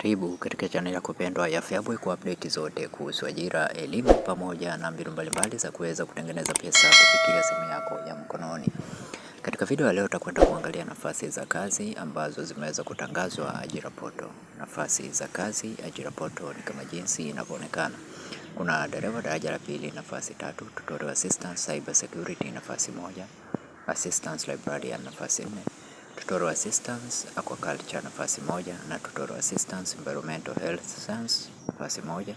Karibu katika chaneli ya kupendwa ya Feaboy kwa update zote kuhusu ajira, elimu pamoja na mbinu mbalimbali za kuweza kutengeneza pesa kupitia simu yako ya mkononi. Katika video ya leo tutakwenda kuangalia nafasi za kazi ambazo zimeweza kutangazwa Ajira poto Nafasi za kazi Ajira poto ni kama jinsi inavyoonekana. Kuna dereva daraja la pili nafasi tatu, tutorial assistant cyber security nafasi moja, assistant librarian nafasi nne tutorial assistance aquaculture nafasi moja, na tutorial assistance environmental health science nafasi moja,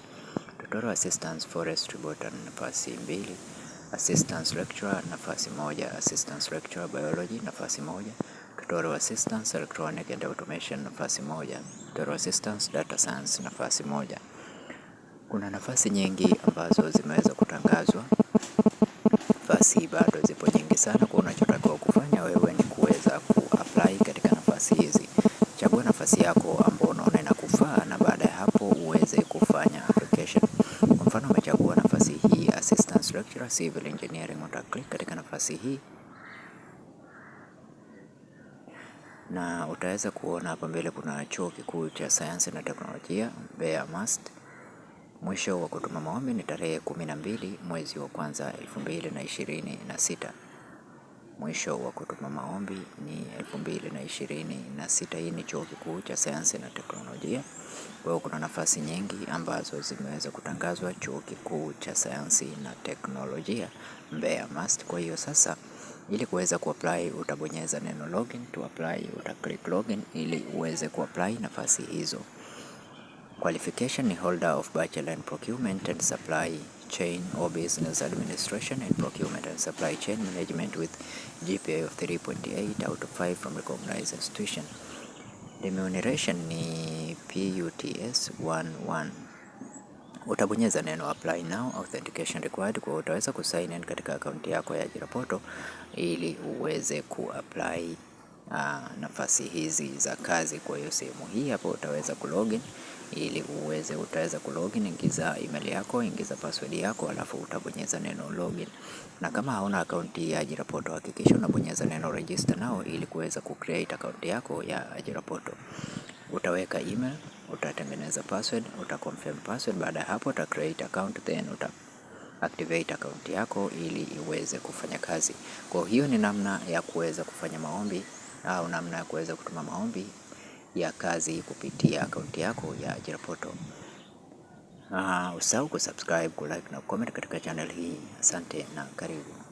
tutorial assistance forestry botany nafasi mbili, assistance lecturer nafasi moja, assistance lecturer biology nafasi moja, tutorial assistance electronic and automation nafasi moja, tutorial assistance data science nafasi moja. Kuna nafasi nyingi ambazo zimeweza kutangazwa, nafasi bado zipo nyingi sana kwa unachotaka nafasi yako ambao unaona inakufaa, na baada ya hapo uweze kufanya application. Kwa mfano umechagua nafasi hii assistant lecturer civil engineering, uta click katika nafasi hii na utaweza kuona hapa mbele kuna chuo kikuu cha sayansi na teknolojia Mbeya MUST. Mwisho wa kutuma maombi ni tarehe kumi na mbili mwezi wa kwanza elfu mbili na ishirini na sita. Mwisho wa kutuma maombi ni mbili na ishirini na sita. Hii ni chuo kikuu cha sayansi na teknolojia. Kwa hiyo kuna nafasi nyingi ambazo zimeweza kutangazwa chuo kikuu cha sayansi na teknolojia Mbeya MUST. Kwa hiyo sasa, ili kuweza kuapply utabonyeza neno login to apply, uta login ili uweze kuapply nafasi hizo. Qualification ni holder of Bachelor in Procurement and Supply Chain or Business Administration and Procurement and Supply Chain Management with GPA of 3.8 out of 5 from recognized institution. Remuneration ni PUTS 11. Utabonyeza neno apply now, authentication required, kwa utaweza kusign in katika akaunti yako ya ajira portal ili uweze kuapply aa, ah, nafasi hizi za kazi. Kwa hiyo sehemu hii hapo utaweza kulogin ili uweze utaweza kulogin, ingiza email yako, ingiza password yako, alafu utabonyeza neno login. Na kama hauna account ya Ajira poto, hakikisha unabonyeza neno register nao ili kuweza kucreate account yako ya Ajira poto. Utaweka email, utatengeneza password, utaconfirm password. Baada ya hapo uta create account then uta activate account yako ili iweze kufanya kazi. Kwa hiyo ni namna ya kuweza kufanya maombi au namna ya kuweza kutuma maombi ya kazi kupitia akaunti yako ya ajira portal. Uh, ah, usahau kusubscribe, kulike na kucomment katika channel hii. Asante na karibu.